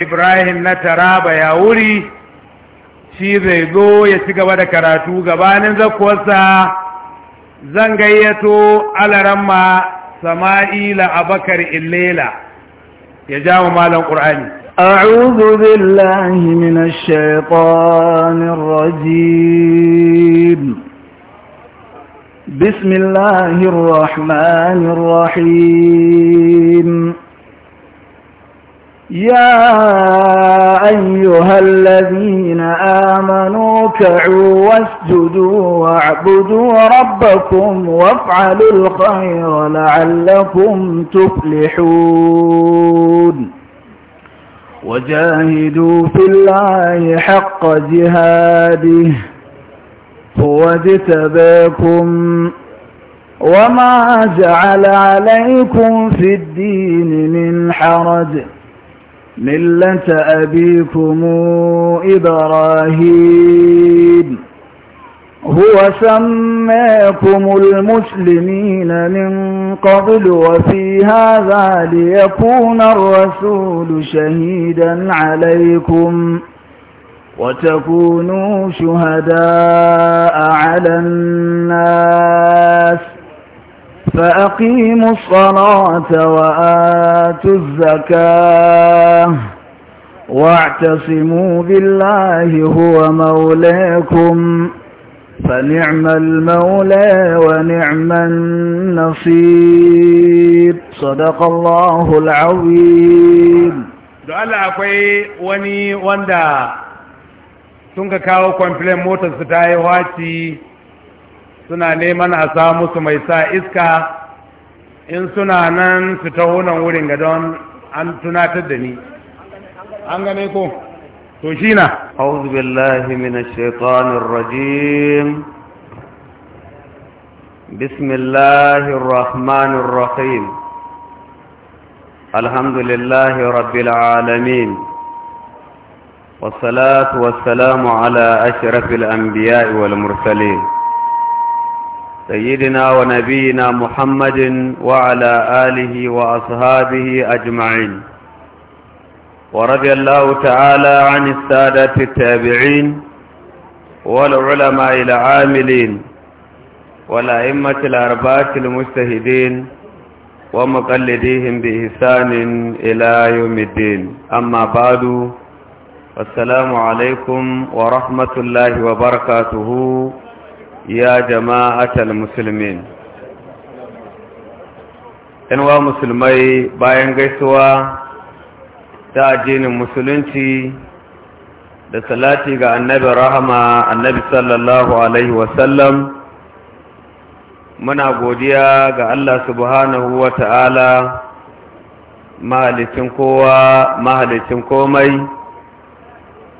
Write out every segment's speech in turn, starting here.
ibrahim na taraba ya wuri shi zai zo ya ci gaba da karatu gabanin zakuwarsa zan gayyato alaramma sama'ila abakar illela ya ja wa malam ƙur'ani أعوذ بالله من الشيطان الرجيم بسم الله الرحمن الرحيم يا أيها الذين آمنوا كعوا واسجدوا واعبدوا ربكم وافعلوا الخير لعلكم تفلحون وجاهدوا في الله حق جهاده هو اجتباكم وما جعل عليكم في الدين من حرج ملة أبيكم إبراهيم هو سماكم المسلمين من قبل وفي هذا ليكون الرسول شهيدا عليكم وتكونوا شهداء على الناس فأقيموا الصلاة وآتوا الزكاة واعتصموا بالله هو مولاكم فنعم المولى ونعم النصير صدق الله العظيم da Allah akwai wani wanda sun ka kawo kwamfilin motarsu ta yi suna neman a sa musu mai sa iska in suna nan su taho nan wurin ga don an tunatar da ni an gane ko to shi na auzu billahi minash shaitanir rajim bismillahir rahmanir rahim alhamdulillahi rabbil alamin والصلاة والسلام على أشرف الأنبياء والمرسلين سيدنا ونبينا محمد وعلى آله وأصحابه أجمعين ورضي الله تعالى عن السادة التابعين والعلماء العاملين والأئمة الأرباك المجتهدين ومقلديهم بإحسان إلى يوم الدين أما بعد السلام عليكم ورحمة الله وبركاته ya jama'atal musulmin yanwa musulmai bayan gaisuwa ta addinin musulunci da salati ga annabi rahama annabi sallallahu alaihi wasallam muna godiya ga Allah subhanahu wa ta'ala mahalicin kowa mahalicin komai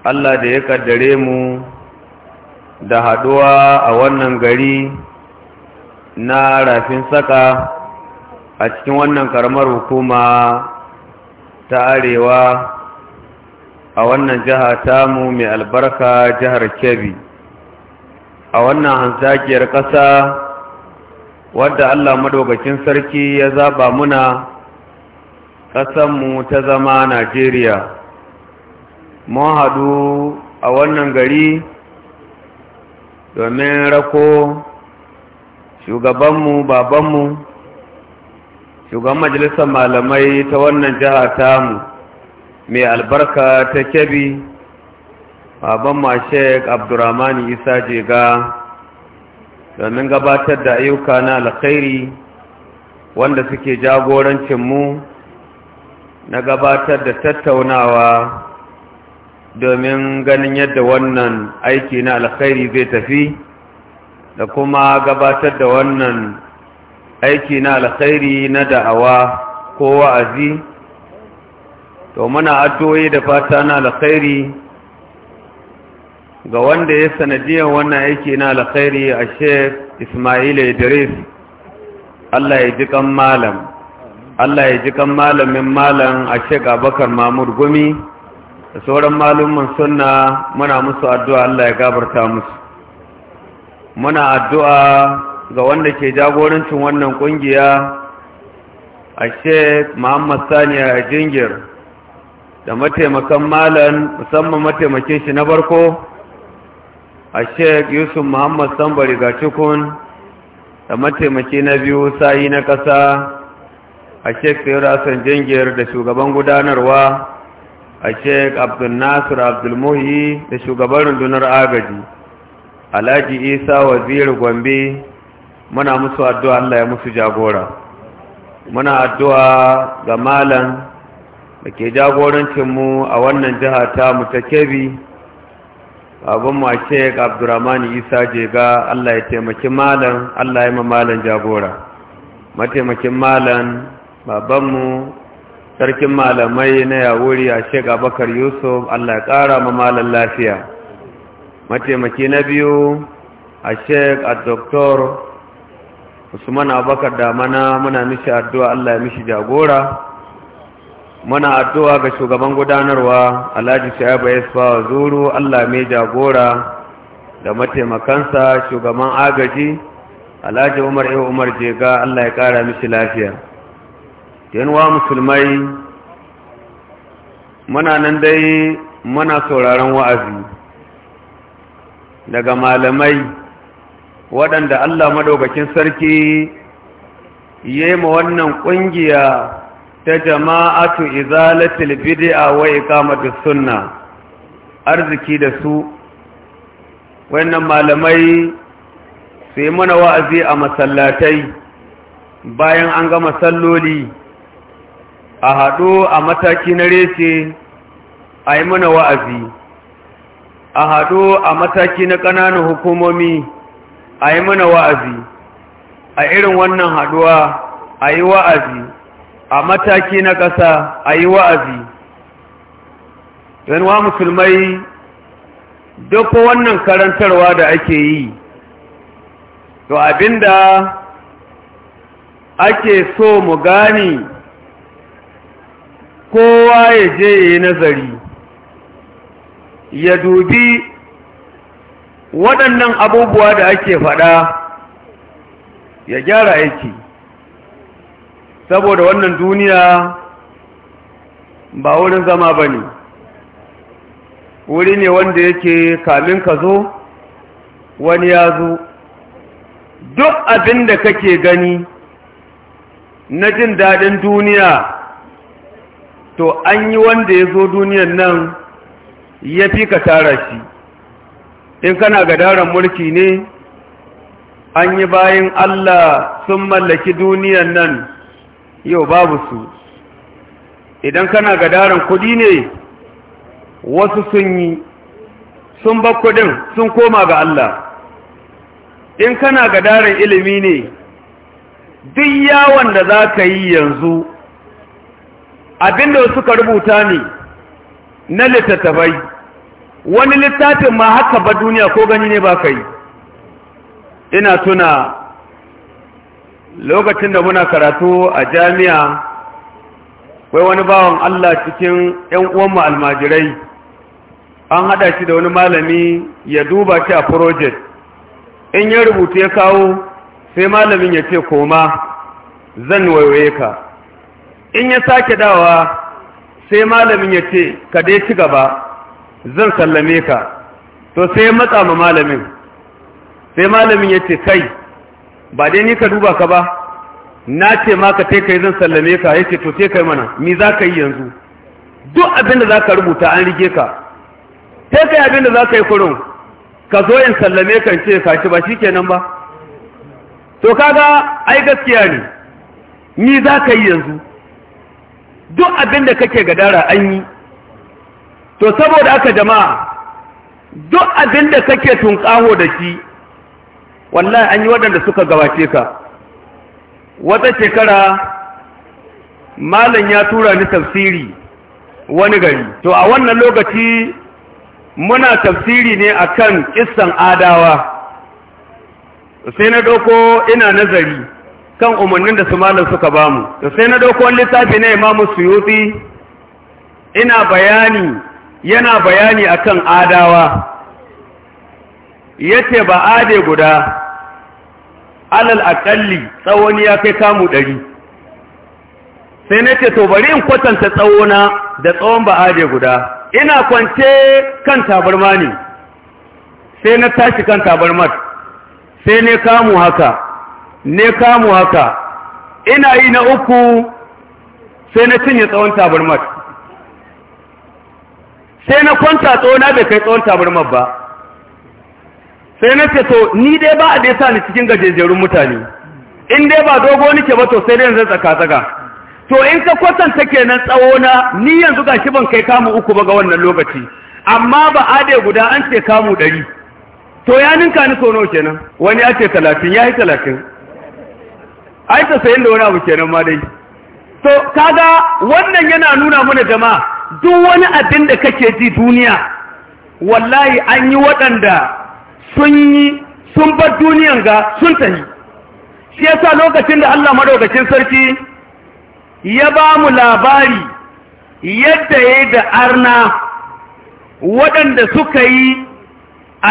Allah da ya kaddare mu da haɗuwa a wannan gari na rafin saka a cikin wannan karamar hukuma ta arewa a wannan jiha tamu mai albarka jihar kebbi a wannan hanzakiyar ƙasa wadda allah madaukakin sarki ya zaba muna ƙasanmu ta zama najeriya mun haɗu a wannan gari domin rako shugabanmu babanmu shugaban majalisar malamai ta wannan jiha mu mai albarka ta kebi baban sheik abdurrahman isa jega domin gabatar da ayyuka na alkhairi wanda suke jagorancinmu na gabatar da tattaunawa domin ganin yadda wannan aiki na alkhairi zai tafi da kuma gabatar da wannan aiki na alkhairi na da'awa ko wa'azi to muna addu'o'i da fata na alkhairi ga wanda ya sanadiyar wannan aiki na alkhairi a shek Ismail Idris Allah ya ji kan malam Allah ya ji kan malamin malam a shek Abubakar mamur Gumi da sauran malumman sunna muna musu addu'a Allah ya gabarta musu muna addu'a ga wanda ke jagorancin wannan ƙungiya. a Sheikh muhammad saniya a jingir da mataimakan malan musamman mataimakin shi na barko a Sheikh yusuf muhammad sambari ga cikun da mataimaki na biyu sayi na ƙasa a Sheikh sayar asan jingir da shugaban gudanarwa a sheik abdul nasir abdul da shugaban rundunar agaji alhaji isa wazir gombe muna musu addu'a allah ya musu jagora muna addu'a ga malam da ke jagorancinmu a wannan jiha ta mutakebi abinmu a sheik abdurrahman isa jega allah ya taimaki malam allah ya ma malam jagora mataimakin malam babanmu sarkin malamai na yawuri a shiga bakar yusuf allah ya ƙara ma malam lafiya mataimaki na biyu a shek a doktor usman abubakar damana muna mishi addu'a allah ya mishi jagora muna addu'a ga shugaban gudanarwa alhaji shaibu yasfa zuru allah mai jagora da mataimakansa shugaban agaji alhaji umar iya umar jega allah ya ƙara mishi lafiya yanwa musulmai muna nan dai muna sauraron wa'azi daga malamai waɗanda Allah madaukakin sarki ya yi ma wannan ƙungiya ta jama'atu izalatul bid'a wa iqamatus sunna arziki da su wannan malamai sai yi mana wa'azi a masallatai bayan an gama salloli. a haɗo a mataki na reshe a yi mana wa'azi a haɗo a mataki na ƙananan hukumomi a yi mana wa'azi a irin wannan haɗuwa a yi wa'azi a mataki na ƙasa a yi wa'azi yanwa musulmai duk wannan karantarwa da ake yi to abinda ake so mu gani kowa ya je ya yi nazari ya dubi waɗannan abubuwa da ake faɗa ya gyara aiki saboda wannan duniya ba wurin zama ba ne wuri ne wanda yake kamin ka zo wani ya zo duk abin da kake gani na jin daɗin duniya to an yi wanda ya zo duniyan nan ya fi ka tara shi in kana gadaran mulki ne an yi bayan Allah sun mallaki duniyan nan yau babu su idan kana gadaran kudi ne wasu sun yi sun ba kudin sun koma ga Allah in kana gadaran ilimi ne duk yawon da za ka yi yanzu Abin da suka rubuta ne na littattafai wani littafin ma haka ba duniya ko gani ne ba kai ina tuna lokacin da muna karatu a jami'a kai wani bawan Allah cikin 'yan uwanmu almajirai an haɗa shi da wani malami ya duba shi a project in ya rubuta ya kawo sai malamin ya ce koma zan waiwaye ka in ya sake dawa sai malamin ya ce ka dai ci gaba zan sallame ka to sai ya matsa ma malamin sai malamin ya ce kai ba dai ni ka duba ka ba na ce ma ka kai zan sallame ka ya ce to sai kai mana mi za ka yi yanzu duk abin da za ka rubuta an rige ka sai kai abin da za ka yi kurin ka zo in sallame kan ce ka ba shi kenan ba to kaga ai gaskiya ne ni za ka yi yanzu duk abin da kake gadara an yi to saboda aka jama'a duk abin da kake tunƙaho da shi wallahi an yi waɗanda suka gabace ka wata shekara malam ya tura ni tafsiri wani gari to a wannan lokaci muna tafsiri ne akan kan adawa sai na ɗauko ina nazari kan umarnin da su malam suka bamu da sai na dauko littafi na imamu suyuti ina bayani yana bayani akan adawa yace ba ade guda alal akalli tsawon ya kai kamu ɗari sai na ce to bari in kwatanta tsawona da tsawon ba ade guda ina kwance kan tabarma ne sai na tashi kan tabarmar sai ne kamu haka ne kamu haka ina yi na uku sai na cinye tsawon tabarmar sai na kwanta tsawona bai kai tsawon tabarmar ba sai na ce to ni dai ba a dai sa ni cikin gajejerun mutane in dai ba dogo nike ba to sai dai zai tsaka-tsaka to in ka kwatanta nan tsawona ni yanzu ga shi ban kai kamu uku ba ga wannan lokaci amma ba ade guda an ce kamu ɗari to ya ninka ni sono kenan wani ya ce talatin ya yi talatin ai ta sayin da wani abu kenan ma dai to kaga wannan yana nuna mana jama'a duk wani abin da kake ji duniya wallahi an yi waɗanda sun yi sun bar duniyan ga sun tafi. shi yasa lokacin da Allah madaukakin sarki ya ba mu labari yadda ya da arna waɗanda suka yi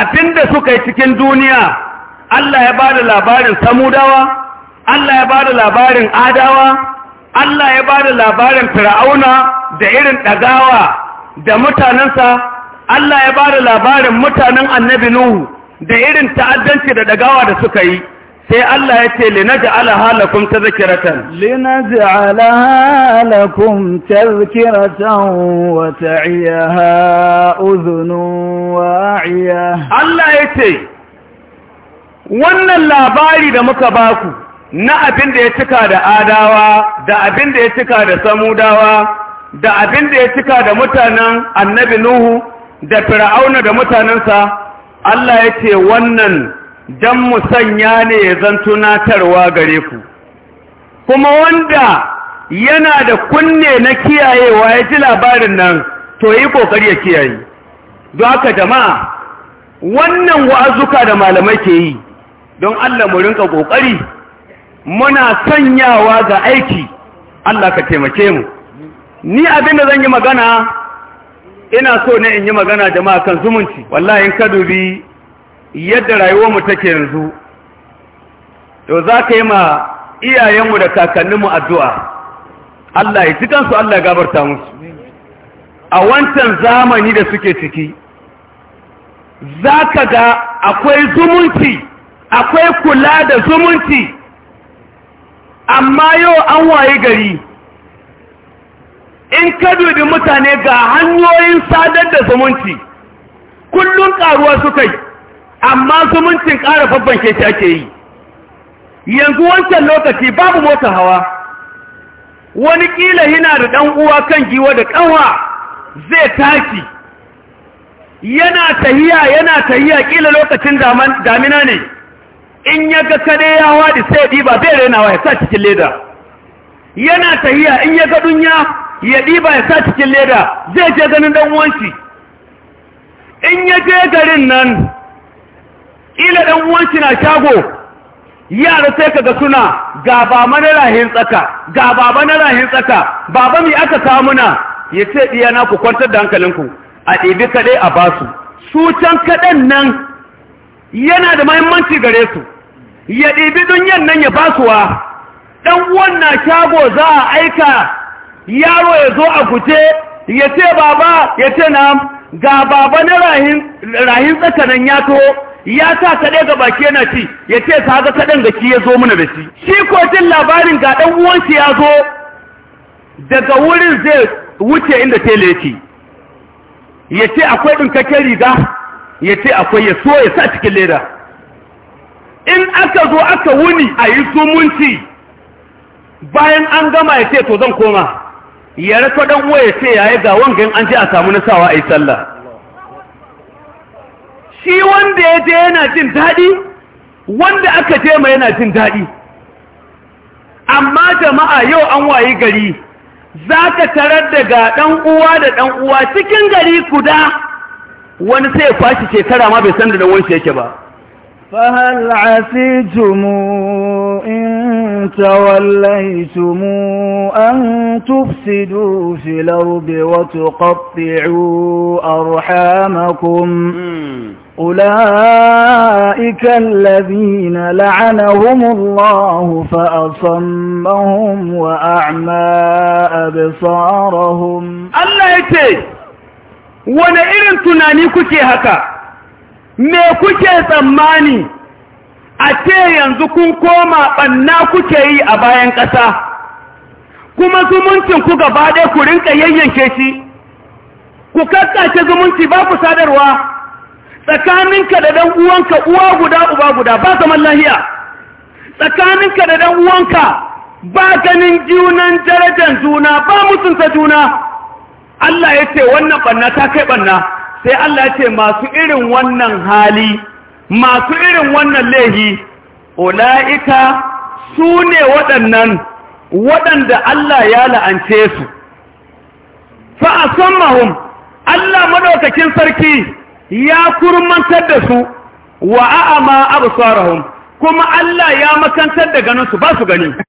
abinda suka yi cikin duniya Allah ya ba da labarin samudawa Allah ya bada labarin adawa Allah ya bada labarin fir'auna da irin ɗagawa da mutanensa Allah ya bada labarin mutanen annabi Nuhu da irin ta'addanci da ɗagawa da suka yi sai Allah ya ce linaj'ala halakum tadhkiratan linaj'ala halakum tadhkiratan wa ta'iyaha udhunun wa'iya Allah ya ce wannan labari da muka baku na abin da ya cika da adawa da abin da ya cika da samudawa da abin da ya cika da mutanen annabi nuhu da fir'auna da mutanensa Allah ya ce wannan dan mu ne ya zan tunatarwa gare ku kuma wanda yana da kunne na kiyayewa ya ji labarin nan to yi kokari ya kiyaye don haka jama'a wannan wa'azuka da malamai ke yi don Allah mu rinka kokari muna sanyawa ga aiki Allah ka taimake mu ni abin da zan yi magana ina so ne in yi magana jama'a kan zumunci wallahi in ka dubi yadda rayuwar mu take yanzu to za ka yi ma iyayenmu da kakanninmu addu'a Allah ya cikansu Allah ya gabarta musu a wancan zamani da suke ciki za ka ga akwai zumunci akwai kula da zumunci amma yau an waye gari in ka dubi mutane ga hanyoyin sadar da zumunci kullum karuwa suka yi amma zumuncin ƙara babban keke ake yi yanzu wancan lokaci babu mota hawa wani ƙila yana da ɗan uwa kan giwa da ƙanwa zai tashi yana tahiya yana tahiya ƙila lokacin damina ne in ya ga kare ya wadi sai diba zai rainawa ya sa cikin leda yana tahiya in ya ga dunya ya diba ya sa cikin leda zai je ganin dan shi in ya je garin nan ila dan shi na shago yara sai kaga suna ga baba na rahin tsaka ga baba na rahin tsaka baba mi aka kawo muna ya ce diya na ku kwantar da hankalinku a ɗibi kaɗai a basu su can kaɗan nan yana da mahimmanci gare su ya ɗibi dunyan nan ya basuwa ɗan wannan shago za a aika yaro ya zo a guje ya ce baba ya ce na ga baba na rahin tsakanin ya to ya sa kaɗai ga baki yana ci ya ce ta ga kaɗan ga ya zo mana da shi shi ko jin labarin ga ɗan uwanci ya zo daga wurin zai wuce inda tele yake ya ce akwai ɗinkakken riga ya ce akwai ya so ya sa cikin leda in aka zo aka wuni a yi zumunci bayan an gama ya ce to zan koma ya rasa ɗan uwa ya ce ya yi ga wangan an je a samu nasawa a yi sallah shi wanda ya je yana jin daɗi wanda aka je ma yana jin daɗi amma jama'a yau an wayi gari za ka tarar daga ɗan uwa da ɗan uwa cikin gari guda, wani sai ya fashi shekara ma bai san da ɗan wanshi yake ba فهل عسيتم إن توليتم أن تفسدوا في الأرض وتقطعوا أرحامكم أولئك الذين لعنهم الله فأصمهم وأعمى أبصارهم الله يتي وانا إرن تناني تيهكا me kuke tsammani a ce yanzu kun koma ɓanna kuke yi a bayan ƙasa kuma zumuncin ku gaba ɗaya ku rinka yayyanke shi ku kakkace zumunci ba ku sadarwa tsakaninka da ɗan uwanka uwa guda uba guda ba zaman lahiya tsakaninka da ɗan uwanka ba ganin junan darajar juna ba mutunta juna Allah ya ce wannan ɓanna ta kai ɓanna sai Allah ya ce masu irin wannan hali masu irin wannan lehi ula'ika su ne waɗannan waɗanda Allah ya la'ance su fa mahum, Allah madaukakin sarki ya kurmantar da su wa a'ama absarahum kuma Allah ya makantar da ganin su ba su gani